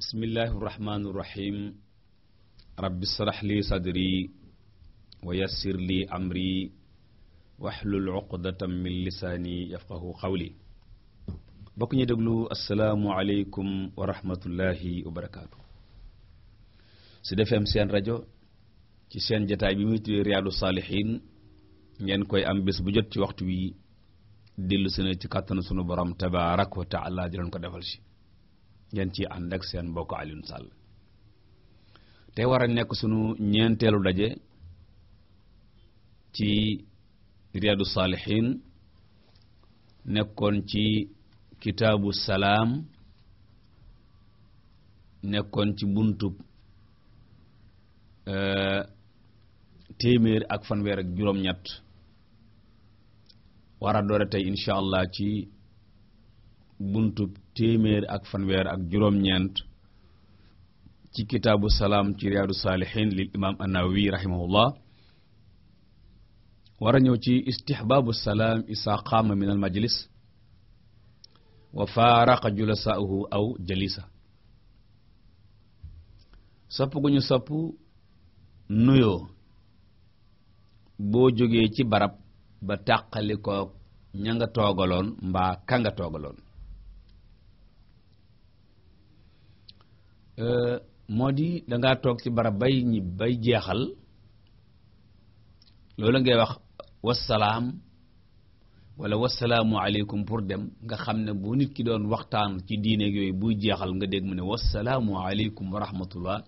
bismillahi irrahmani irrahim rabbi srah li sadri wa yassir li amri waxlul uqdatam min lisaani yafqahu qawli bokk ñu déglu asalaamu aleykum wa rahmatullahi wa barakaatu su seen rajo ci seen jataay bi muy tuddee riyaadu saalihiin ngeen koy am bés bu jot ci waxtu wi dellu sene ci kàttanu sunu borom tabaarak wa taala di ko defal si ngeen ci ànd ak seen mbokk Alioune Sall te war a nekk sunu ñeenteelu daje ci Riyadu Saalihiin nekkoon ci kitaabu salaam nekkoon ci buntub euh, téeméer ak fanweer ak juróom-ñett war a doore tey incha allah ci buntub téeméer ak fanweer ak juróom-ñeent ci kitaabu salaam ci riyaadu saalihin lil imaam annawawi rahimahullah war ñëw ci istihbaabu salaam isaa qaama min al majlis wa faaraqa julasaahu aw jalisa sopp gu ñu sopp nuyoo boo jógee ci barab ba taqali ko ña nga toogaloon mbaa ka nga toogaloon Euh, moo di dangaa toog ci barab bay ñi bay jeexal loolu ngay wax wasalaam wala wasalaamu aleykum pour dem nga xam ne bu nit ki doon waxtaan ci diine yooyu buy jeexal nga dégg mu ne wasalaamu aleykum wa rahmatullah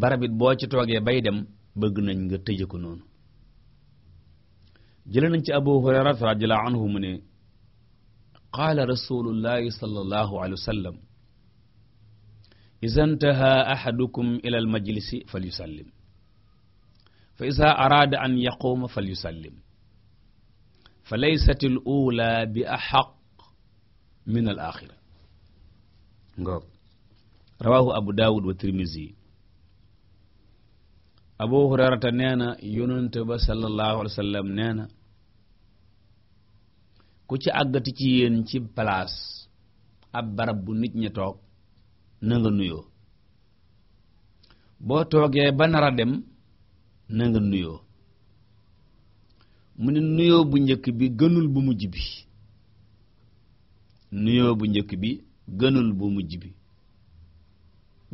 barabit boo ci toogee bay dem bëgg nañ nga tëje ko noonu jële nañ ci abu hurairata radiallahu anhu mu ne qaala rasulullahi sallallahu alayhi wa sallam iza ntaha ahadukum ila al majlisi falyusallim fa iza an yaquuma falyusallim fa laysat bi ahaq min al axira abu daawud wa tirmizi abu hurayrata nee na yonente ba sallallahu ku ci àggati ci yéen ci place ab barab bu nit ñi toog na nuyoo boo toogee ba nara dem na nuyoo mu ne nuyoo bu njëkk bi gënul bu mujj bi nuyoo bu njëkk bi gënul bu mujj bi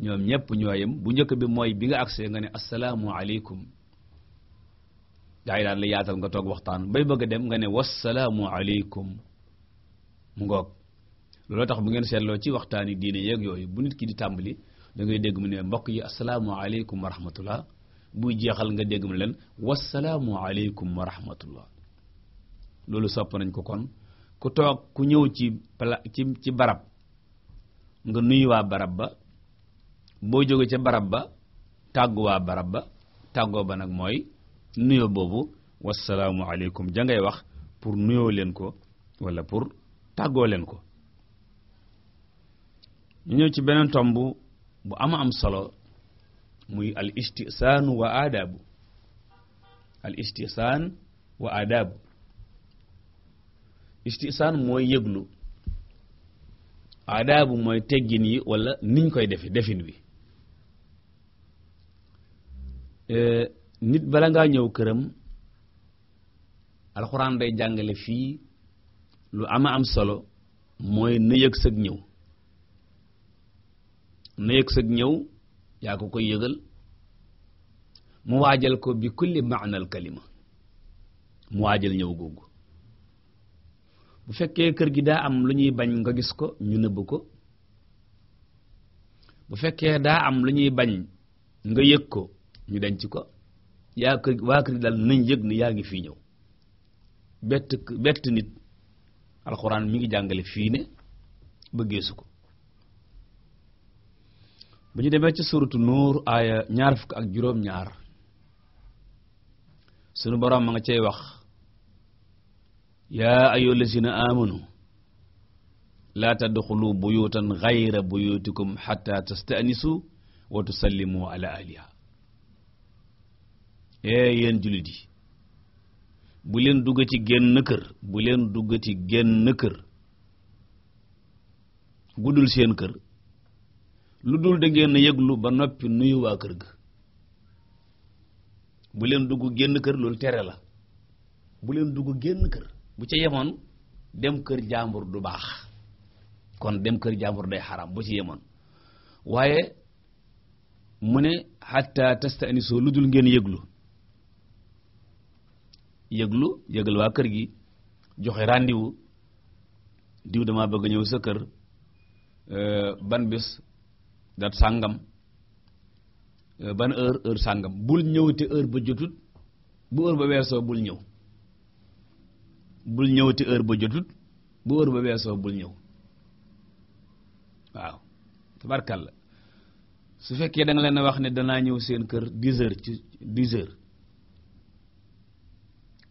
ñoom ñépp ñoo yem bu njëkk bi mooy bi nga agsee nga ne assalaamu aleykum gaa yi daal la yaatal nga toog waxtaan bay bëgg a dem nga ne wassalaamu aleykum mu ngoog looloo tax bu ngeen seetloo ci waxtaani diine yeeg yooyu bu nit ki di tàmbali da ngay dégg mu ne mbokk yi asalaamaaleykum wa rahmatullah buy jeexal nga dégg mu leen wasalaamualeykum wa rahmatullah loolu sopp nañ ko kon ku toog ku ñëw ci pala ci ci barab nga nuyu waa barab ba boo jógee ca barab ba tàggu waa barab ba tàggoo ba nag mooy nuyoo boobu wasalaamualeykum ja ngay wax pour nuyoo leen ko wala pour tàggoo leen ko ñu ñëw ci beneen tomb bu ama am solo muy al istisaanu wa aadaabu al istisaan wa aadaabu istisaan mooy yëglu aadaabu mooy teggin yi wala niñ koy defe defin wi nit bala ngaa ñëw këram alxuraan day jàngale fii lu ama am solo mooy na yëg sëg ñëw na yëg sag ñëw yaa ko koy yëgal mu waajal ko bi kulli maanal kalima mu waajal ñëw googu bu fekkee kër gi daa am lu ñuy bañ nga gis ko ñu nëbb ko bu fekkee daa am lu ñuy bañ nga yëg ko ñu denc ko yaa kër waa kër gi daal nañ yëg ni yaa ngi fii ñëw bett bett nit alxuraan mi ngi jàngale fii ne bëggee su ko bu ñu demee ci suratu nuur aaya ñaar fukk ak juróom-ñaar sunu boroom ma nga cay wax yaa ayyuha allazina amanu laa tadxulu buyutan gayra buyutikum xata tastanisu wa tusallimu ala ahliha ee yéen jullit bu leen dugg ci génn kër bu leen dugg ci génn kër guddul seen kër lu dul da ngeen yëglu ba noppi nuyu waa kër ga bu leen dugg génn kër loolu tere la bu leen dugg génn kër bu ca yemoon dem kër jàmbur du baax kon dem kër jàmbur day xaram bu ci yemoon waaye mu ne hatta tasta'nisu lu dul ngeen yëglu yëglu yëgal waa kër gi joxe rendez-vous diw dama bëgg ñëw sa kër euh, ban bés dat sàngam euh, ban heure heure sàngam bul ñëwti heure ba jotut bu heure ba weesoo bul ñëw bul ñëw ñëwti heure ba jotut bu heure ba weesoo bul ñëw waaw la su fekkee da leen a wax ne danaa ñëw seen kër dix heures ci dix heures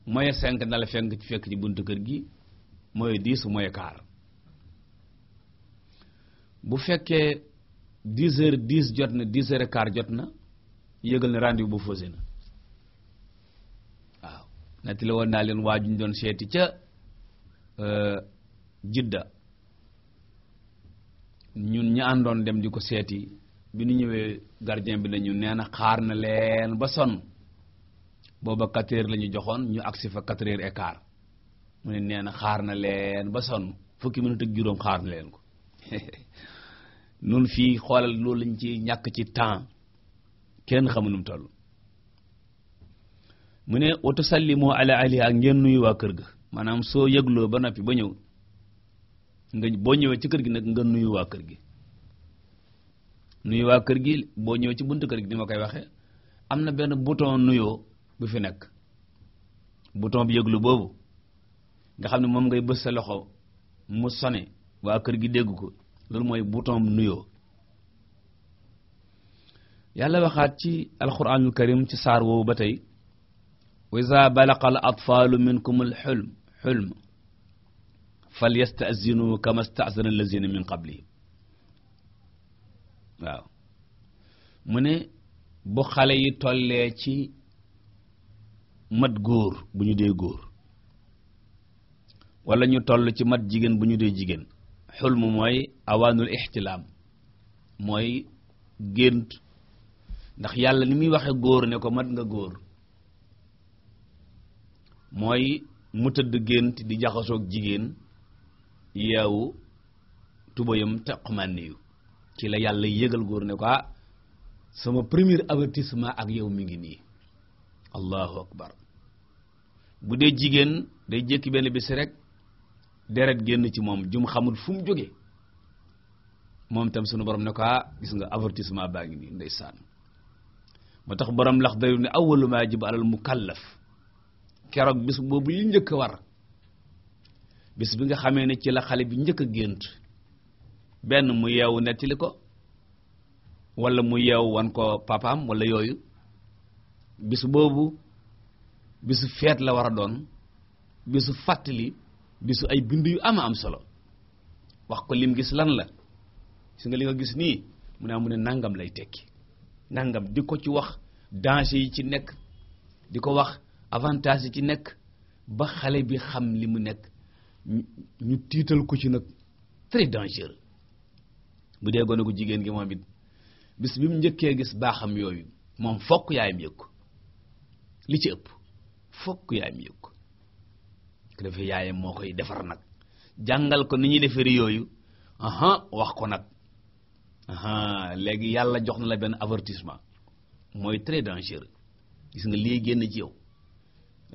mooy cinq na la ci fekk ci buntu kër gi mooy dix mooy quart bu fekkee dix heures dix jot na dix heures et jot na yëgal na rendez-vous bu faussé na waaw nett la woon naa leen waa ju ñu doon seeti ca euh, Jidda ñun ñi àndoon dem di ko seeti bi ñu ñëwee gardien bi nañu nee na xaar na leen ba sonn booba quatre heures la ñu joxoon ñu agsi fa quatre heures mu ne nee na xaar na leen ba sonn fukki minute ak juróom xaar na leen ko nun fii xoolal loolu lañ ci ñàkk ci temps kenn xamu nu mu mu ne watu sallimoo ala ahliha ak ngeen nuyu waa kër gi maanaam soo yëgloo ba noppi ba ñëw nga boo ñëwee ci kër gi nag nga nuyu waa kër gi nuyu waa kër gi boo ñëwee ci buntu kër gi ni ma koy waxee am na benn bouton nuyoo bu fi nekk bouton bi yëglu boobu nga xam ne moom ngay bës sa loxo mu sone waa kër gi dégg ko loolu mooy bouton nuyoo yàlla waxaat ci alquranul karim ci saar woowu ba tey wa iza atfaalu minkum al xulm xulm fal yastazinu kama stazana allazina min qablihim waaw mu ne bu xale yi tollee ci mat góor bu ñu dee góor wala ñu toll ci mat jigéen bu ñu dee jigéen xulm mooy awaanul ixtilaam mooy gént ndax yàlla ni muy waxe góor ne ko mat nga góor mooy mu tëdd gént di jaxasoog jigéen yeewu tubayam teqmanniyu ci la yàlla yëgal góor ne ko ah sama premier avertissement ak yow mi ngi nii allahu akbar bu dee jigéen day jékki benn bés rek deret génn ci moom jum xamul fu mu jóge moom tam sunu borom ne ko ah, gis nga avertissement baa ngi nii ndeysaan moo tax borom lax dayu ne awwalu maa yajibu alal mukallaf keroog bis boobu li njëkk a war bis bi nga xamee ne ci la xale bi njëkk a gént benn mu yeewu nettali ko wala mu yeewu wan ko papaam walla yooyu bis boobu bisu feet la war a doon bisu fàttali bisu ay bind yu ama am solo wax ko lim gis lan la gis nga gis nii mu ne ah, mu nangam lay tekki nangam di ko ci wax danger yi ci nekk di ko wax avantage yi ci nekk ba xale bi xam li mu nekk ñu tiital ko ci nag très dangereux bu dee gone gu jigéen gi moom it bis bi mu njëkkee gis baaxam yooyu moom fokk yaayam yëg ko li ci ëpp fokk yaayam yëg ko ko defee yaayam moo koy defar nag jàngal ko ni ñuy defari yooyu aha wax ko nag léegi yàlla jox na la benn avertissement mooy très dangereux gis nga lii génn ci yow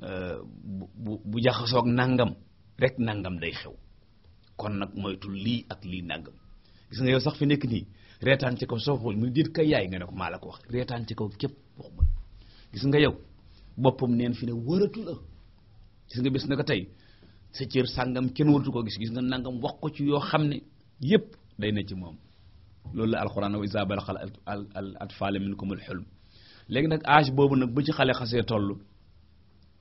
euh, bu bu jaxasoog nangam rek nangam day xew kon nag moytul lii ak lii nangam gis nga yow sax fi nekk nii reetaan ci kaw soo mu déet kay yaay nga ne ko maa la ko wax reetaan ci kaw képp wax mun gis nga yow boppam neen fi ne wëratu gis nga bés na ko tey sa cër sàngam kenn waratu ko gis gis nga nangam wax ko ci yoo xam ne yépp day ne ci moom loolu la alxuraan wa iza balaxa al atfaal minkum al hulm léegi nag âge boobu nag bu ci xale xasee toll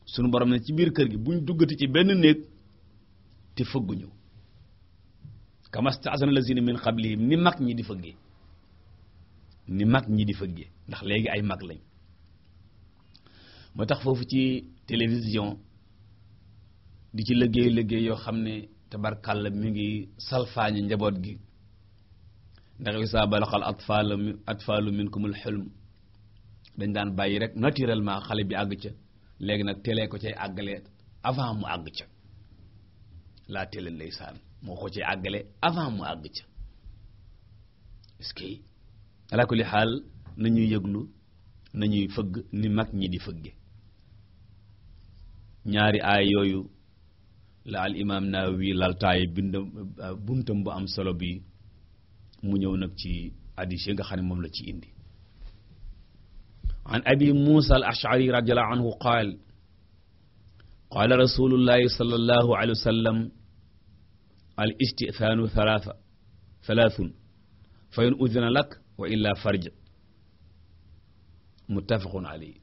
sunu borom ne ci biir kër gi buñ duggati ci benn néeg te fëgguñu kamastaasana lazina min qablihim ni mag ñi di fëggee ni mag ñi di fëggee ndax léegi ay mag lañ moo tax foofu ci télévision di ci liggéey liggéey yoo xam ne tabarkàlla mi ngi salfaañi njaboot gi ndax isaa balaxal atfaalu atfaalu minkumul xilm dañ daan bàyyi rek naturellement xale bi àgg ca léegi nag télé ko cay àggale avant mu àgg ca laa lay ndeysaan moo ko cay àggale avant mu àgg ca est-ce que ala kulli xaal nañuy yëglu nañuy fëgg ni mag ñi di fëgge ñaari aay yooyu la al imaam Nawawi laltaay bind euh, buntam bu am solo bi mu ñëw nag ci hadiis yi nga xam ne moom la ci indi an abi muusa al ashari radiyallahu anhu qaal qaala rasulullahi sallallahu alayhi wa sallam al istithaanu thalatha thalaathun fa in udina lak wa illa farj muttafaqun alayhi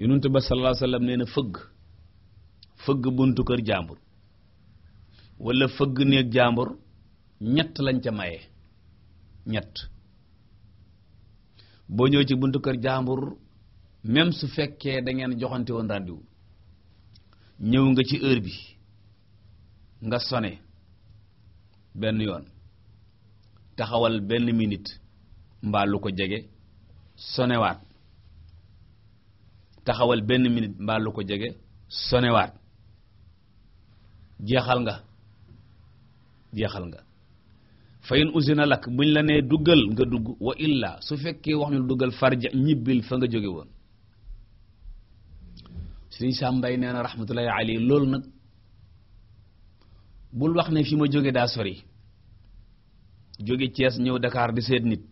yonent ba sallallahu alayhi wa sallam nee na fëgg fëgg buntu kër jàmbur wala fëgg néeg jàmbur ñett lañ ca maye ñett boo ñëw ci buntu kër jàmbur même su fekkee da ngeen joxante woon rendez-vous ñëw nga ci heure bi nga sone benn yoon taxawal benn minute mbaa lu ko jege sonewaat taxawal benn minit mbaa lu ko jege sonewaat jeexal nga jeexal nga fa usina lakk buñ la nee duggal nga dugg wa illa su fekkee wax ñu duggal farja ñibbil fa nga jóge woon sëriñ Sam Mbaye nee na rahmatullahi alayhi loolu nag bul wax ne fi ma jóge daa sori jóge cees ñëw dakaar di seet nit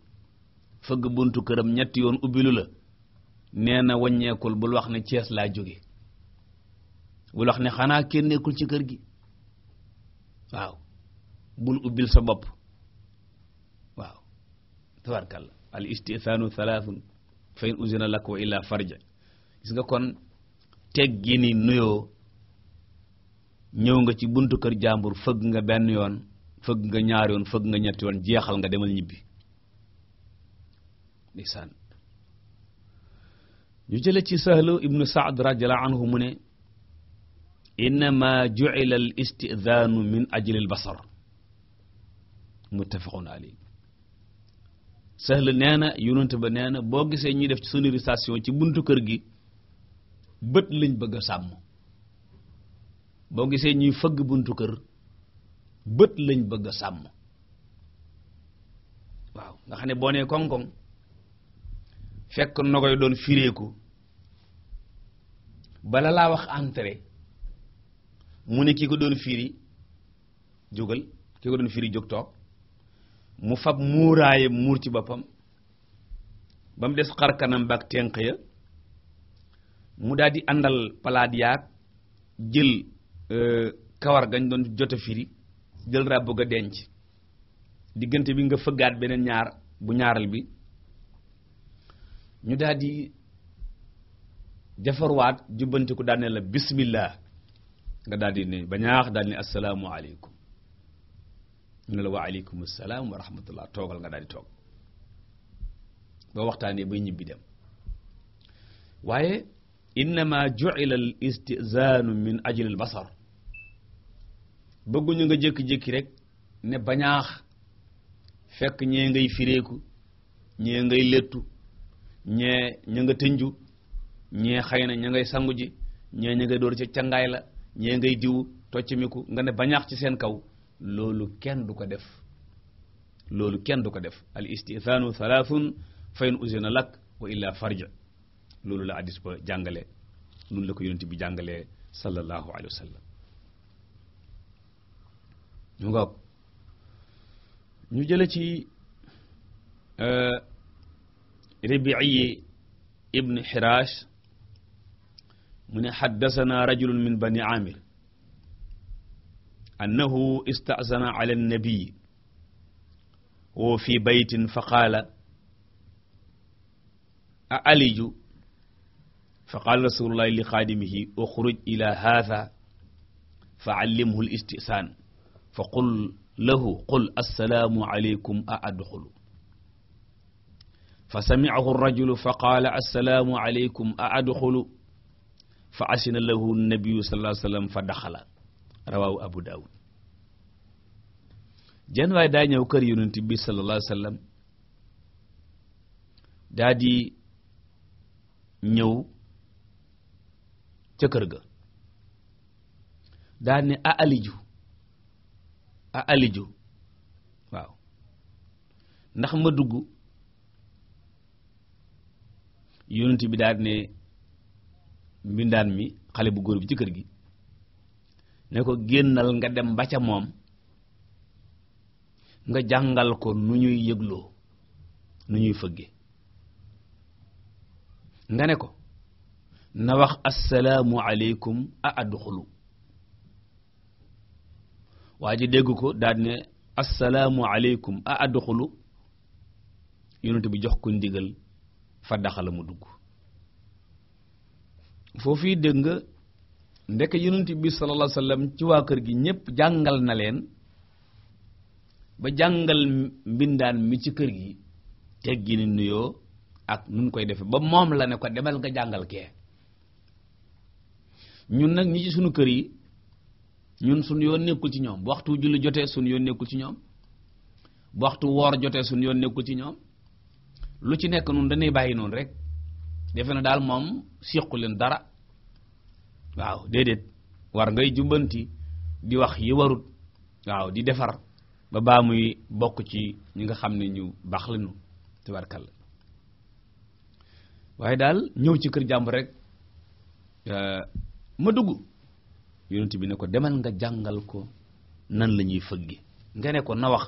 fëgg buntu këram ñetti yoon ubbilu la nee na wàññeekul bul wax ne cees laa jóge bul wax ne xanaa kenn nekkul ci kër gi waaw bul ubbil sa bopp waaw tabarkalla al istithaanu thalathun fa in uzina lak wa illa farja gis nga kon teggi nuyoo ñëw nga ci buntu kër jàmbur fëgg nga benn yoon fëgg nga ñaar yoon fëgg nga ñetti yoon jeexal nga demal ñibbi ndeysaan jële ci sahlu ibnu saad radiallahu mu ne innama ju'ila al istidhaanu min ajli al basar muttafaqun alayhi sahl nee na yonent ba nee na boo gisee ñuy def sonorisation ci buntu kër gi bët lañ bëgg sàmm boo gisee ñuy fëgg buntu kër bët lañ bëgg a sàmm waaw nga xam ne boo nee koŋ-koŋ na nogoy doon fireeku bala laa wax entrée mu ne ki ko doon firi jógal ki ko doon firi jóg toog mu fab muuraayam muur ci boppam ba mu des xar kanam ba ak tenq ya mu daal àndal palaat yaag jël euh, kawar gañ doon jot a firi jël ràbb ga denc diggante bi nga fëggaat beneen ñaar bu ñaaral bi ñu daldi di jafarwaat jubbantiku daal ne la bismillah nga daal ne ba ñaax daal ne assalaamu aleykum ñu ne la salaam wa toogal nga daal di toog ba waxtaanee bay ñibbi dem waaye innama ju'ila al istizaanu min ajli al basar bëgguñu nga jékki-jékki rek ne bañaax fekk ñee ngay fireeku ñee ngay lettu ñee ña tënju ñee xëy na ña sangu ji ñee ña door ca cangaay la ñee ngay diw tocc nga ne bañaax ci seen kaw loolu kenn du ko def loolu kenn du ko def al istithaanu thalathun fa in usina lak wa illa farja loolu la addis ba jàngale nun la ko yonent bi jàngalee sallallahu alayhi wa sallam ñu ngoog ñu jële ci euh, ribii ibn xiraash mu ne xaddasana rajulun min bani amir annahu istaasana ala annabii wa fi baytin fa qaala a aliju fa qaala rasulullahi li xaadimihi uxruj ila haadha fa allimhu al istisaan fa qul lahu qul assalaamu aleykum a adxulu fa samicahu rajulu fa qaala assalaamu aleykum a adxulu fa asina lahu nabiyu sallallahu alayhi wa sallam fa daxala rawaawu abu daawud jenn daa ñëw kër yonent bi sallallahu alayhi wasallam daa di ñëw ca kër ga daa ne a aliju a waaw ndax ma dugg yonent bi daa ne mbindaan mi xale bu góor bi ci kër gi ne ko génnal nga dem ba ca moom nga jàngal ko nu ñuy yëgloo nu ñuy fëgge nga ne ko na wax assalaamu aleykum a adxulu waa ji dégg ko daal ne assalaamu aleykum a adxulu yonent bi jox ko ndigal fa daxala mu dugg foofu yi dégg nga ndek yonent bi sallallahu alayhi wasallam ci waa kër gi ñépp jàngal na leen ba jàngal mbindaan mi ci kër gi teggi ni nuyoo ak nun koy defe ba moom la ne ko demal nga jàngal kee ñun nag ñi ci sunu kër yi ñun sunu yoon nekkul ci ñoom bu waxtu julli jotee sunu yoon nekkul ci ñoom bu waxtu woor jotee sunu yoon nekkul ci ñoom lu ci nekk nun dañuy bàyyi noonu rek defe na daal moom siqu leen dara waaw déedéet war ngay jubbanti di wax yi warut waaw di defar ba baa muy bokk ci ñi nga xam ne ñu baax lañu la waaye daal ñëw ci kër jàmbur rek euh, ma dugg yonent bi ne ko demal nga jàngal ko nan la ñuy fëggi nga ne ko na wax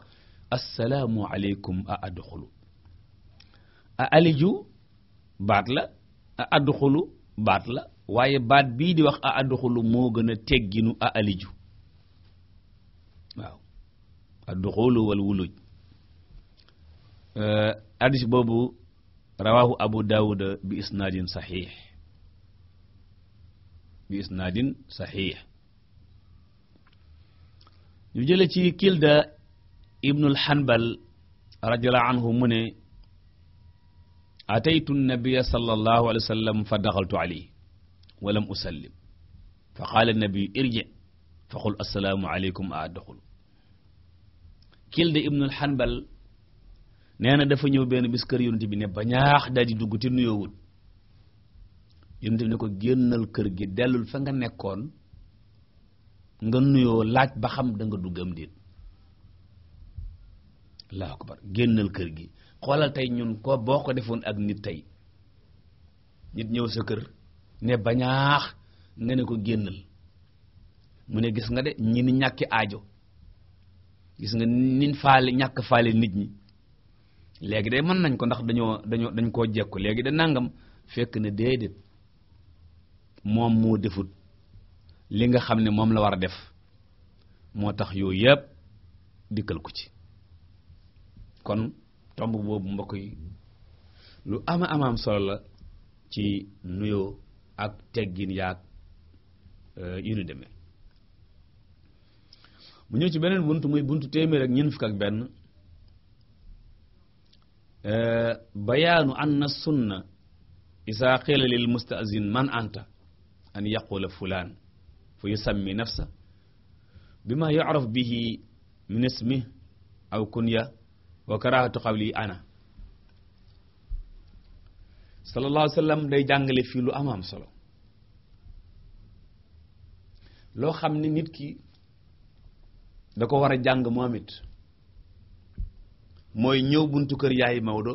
assalaamu aleykum a adxulu a aliju baat la a adxulu baat la waaye baat bii di wax a adduxulu moo gën a tegginu a aliju waaw adduxulu wal wuluj eh, hadis boobu rawahu abu daawuda bi isnaadin saxiix bi isnaadin saxiix ñu jële ci kilda ibnul xanbal radiyallahu anhu mu ne ataytu nabiyya sallallahu alayhi wa fa daxaltu alayhi walam usallim fa qaala nabiyu irje fa qul assalaamu aleykum a doxul kilde ibnul hanbal nee na dafa ñëw benn bis kër yonent bi ne ba ñaax daal di dugg te nuyoowul yonent bi ne ko génnal kër gi dellul fa nga nekkoon nga nuyoo laaj ba xam da nga dugg am déet allahu akbar génnal kër gi xoolal tey ñun ko boo ko defoon ak nit tey nit ñëw sa kër ne bañaax nga ne ko génnal mu ne gis nga de ñi ni ñàkki aajo gis nga nin faale ñàkk faale nit ñi léegi de mën nañ ko ndax dañoo dañoo dañ koo jekku léegi de nangam fekk na déedéet moom moo defut li nga xam ne moom la war a def moo tax yooyu yëpp dikkal ko ci kon tomb boobu mbokk yi lu ama amaam solo la ci nuyoo ak teggin yaag euh, yu ni demee mu ñëw ci beneen bunt muy buntu téeméer ak ñeent fukk ak benn euh, bayaanu anna sunna isaa qila lil man anta an yaqula fulaan fa yusammi nafsa bima yu'raf bihi min ismi aw kunya wa karahatu qawli ana sallallahu alayhi day jàngale fii lu amaam solo loo xam ne nit ki da ko war a jàng moom it mooy ñëw buntu kër yaay Maodo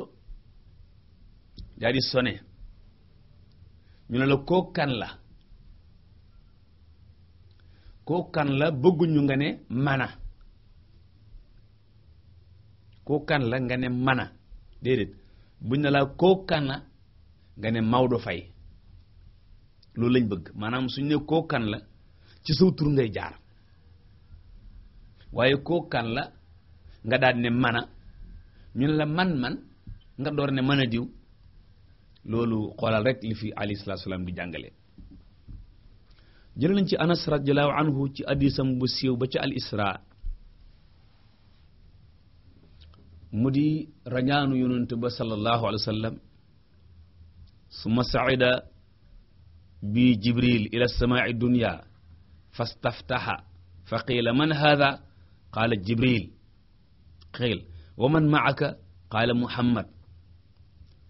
daa di sone ñu ne la koo kan la koo kan la bëgguñu nga ne mana koo kan la nga ne mana déedéet buñ ne la koo kan nga ne Maodo Faye loolu lañ bëgg maanaam suñ ne koo kan la ci saw tur ngay jaar waaye koo kan la nga daal ne man ñu ne la man-man nga door ne mën a diw loolu xoolal rek li fi alayhi salaatu salaam di jàngale jël nañ ci anas radiyallahu ci addisam bu siiw ba ci al isra mu di rañaanu yonent ba sallallahu alayhi wa sallam summa saida bi jibril ila samai dunya fastaftaha fa qiila man hada qaala jibril qiil wa man maaka qaala muhammad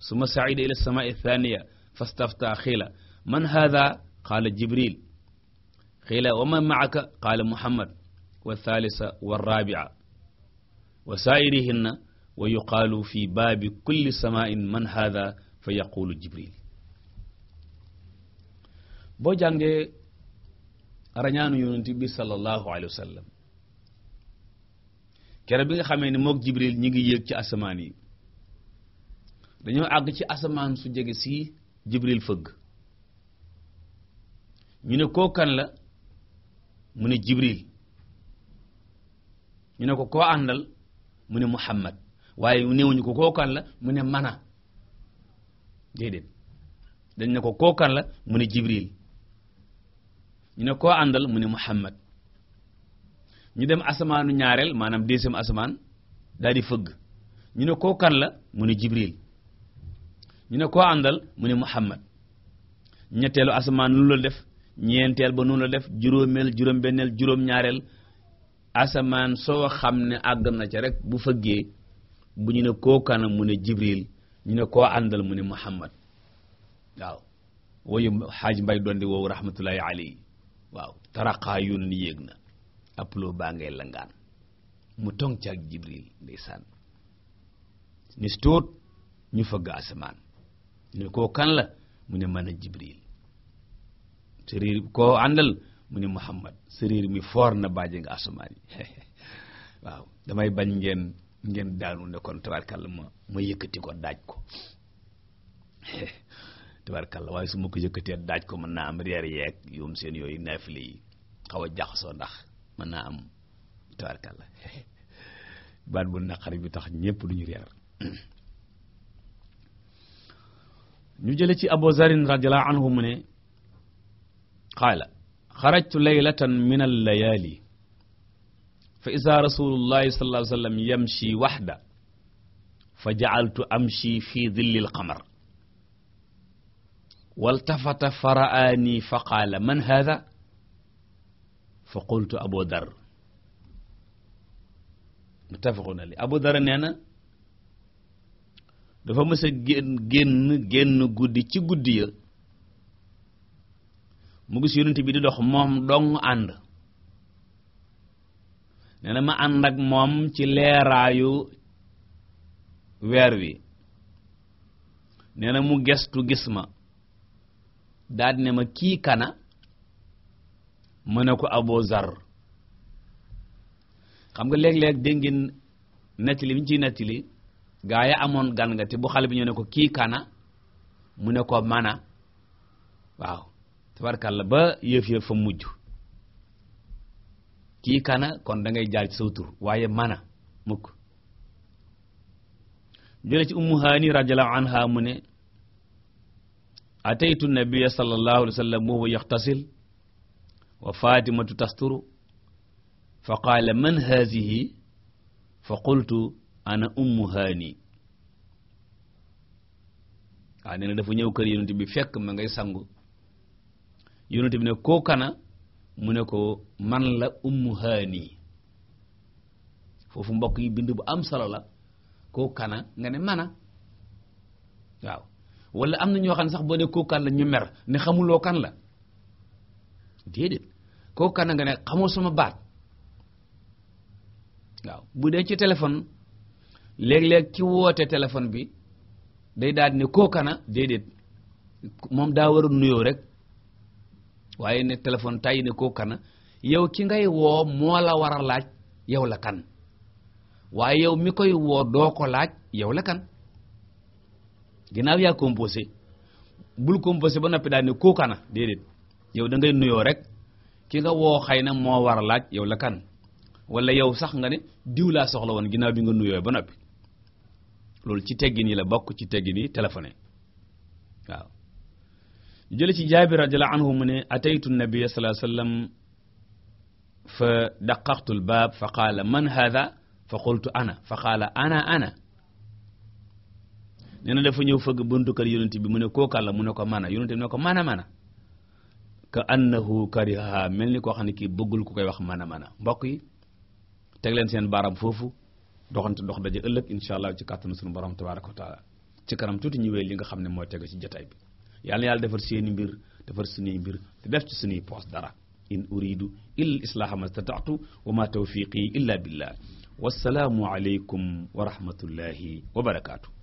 summa saida ila samai thaniya fastaftaha qiila man hada qaala jibril qiila wa man maaka qaala muhammad wa thalitha wa rabia wa saa'irihinna wa yuqaalu fi baabi kulli samaa'in man hada fa yaquulu jibril boo jàngee rañaanu yonent bi sallallahu alayhi wa sallam kere bi nga xamee ne mook Jibril ñu ngi yéeg ci asamaan yi dañoo àgg ci asamaan su jege si Jibril fëgg ñu ne koo kan la mu ne Jibril ñu ne ko koo àndal mu ne Muhammad waaye néewuñu ko koo kan la mu ne mana déedéet dañ ne ko koo kan la mu ne Jibril ñu ne koo àndal mu ne Muhammad ñu dem asamaanu ñaareel maanaam deuxième asamaan daal di fëgg ñu ne koo kan la mu ne Jibril ñu ne koo àndal mu ne Muhammad ñetteelu asamaan lu def ñeenteel ba noonu def juróomeel juróom-benneel juróom-ñaareel soo xam ne àgg na ca rek bu fëggee bu ñu ne koo kan mu ne Jibril ñu ne koo àndal mu ne Muhammad waaw woyu xaaj mbay doon di woowu rahmatullahi alayhi waaw taraxaa yoon ni yéeg na applo baa ngay langaan mu tong ci ak jibril ndeysaan nis tuut ñu fëgg asamaan ñu ne koo kan la mu ne mën a jibril sëriir koo àndal mu ne muhammad sëriir mi foor na baaje nga asamaan yi waaw damay bañ ngeen ngeen daanu ne kon tabarkàlla ma ma yëkkati ko daaj ko tubarkalla waaye su ma ko yëkkatee daaj ko mën naa am reer yeeg yoom seen yooyu naafile yi xaw a jaxasoo ndax mën naa am tubarkalla baat bu naqari bi tax ñépp duñu reer ñu jële ci Abu Zarin radiyallahu anhu mu ne qaala xarajtu laylatan min al-layaali fa izaa rasulullahi sallallahu alayhi fa ja'altu amshi fi dhilli al waltafata fa ra'aani fa qaala man haada fa qultu abu dar muttafaqun alayhi abu dar nee na dafa masa a génn génn génn guddi ci guddi ya mu gis yonent bi di dox moom dong ànd nee ma ànd ak moom ci leeraayu weer wi neena mu gestu gis ma daal ne ma kii kana mën na ko Abu Zar xam nga léeg-léeg dégg ngeen nettali bi ñu ciy nettali gaa ya amoon gan nga te bu xale bi ñu ne ko kii kana mu ne ko mana waaw tabarkàlla ba yëf yëf fa mujj kii kana kon dangay ngay jaar ci saw waaye mana mukk jële ci Ummu Haani radiyallahu anha mu ne ataytu nabia sallallahu alayhi wa wa huwa yaxtasil wa fatimatu tasturu fa qaala man haadihi fa qultu ana ummu haani waaw nee dafa ñëw kër yonent bi fekk ma ngay sangu yonent bi ne koo kana mu ne ko man la ummu haani foofu mbokk yi bind bu am solo la koo kana nga ne mana wala am na ñoo xam ne sax boo ne kookaan la ñu mer ne xamuloo kan la déedéet kookaan nga ne xamoo sama baat waaw bu dee ci téléphone léeg-léeg ci woote téléphone bi day daal di ne kookana déedéet moom daa war a nuyoo rek waaye ne téléphone tay ne kana yow ki ngay woo moo la war a laaj yow la kan waaye yow mi koy woo doo ko laaj yow la kan ginnaaw yaa composé bul composé ba noppi daal ne koo kana déedéet yow da ngay nuyoo rek ki nga woo xëy na moo war a laaj yow la kan wala yow sax nga ne diw laa soxla woon ginaaw bi nga nuyoo ba noppi loolu ci teggin yi la bokk ci teggin yi téléphoné waaw jële ci jaabir radiyallahu anhu mu ne ataytu nabiyya sallallahu alayhi wasallam fa daqaqtu al baab fa ana fa qaala ana ana nee na dafa ñëw fëgg buntu kër yonent bi mu ne kooka la mu ne ko mana yonent bi ne ko mana mana ka annahu mel ni koo xam ne kii bëggul ku koy wax mana mbokk yi teg leen seen baaraam foofu doxante dox daje ëllëg insha allah ci kàttanu sunu borom tabaraka wa tuuti ñu li nga xam ne moo teg ci jotaay bi yàlla yàlla defar seeni mbir defar suñuy mbir te def ci suñuy poos dara in uridu illa islaaha ma stataatu wa ma tawfiqi illa billah wassalaamu aleykum wa rahmatullahi wa barakaatu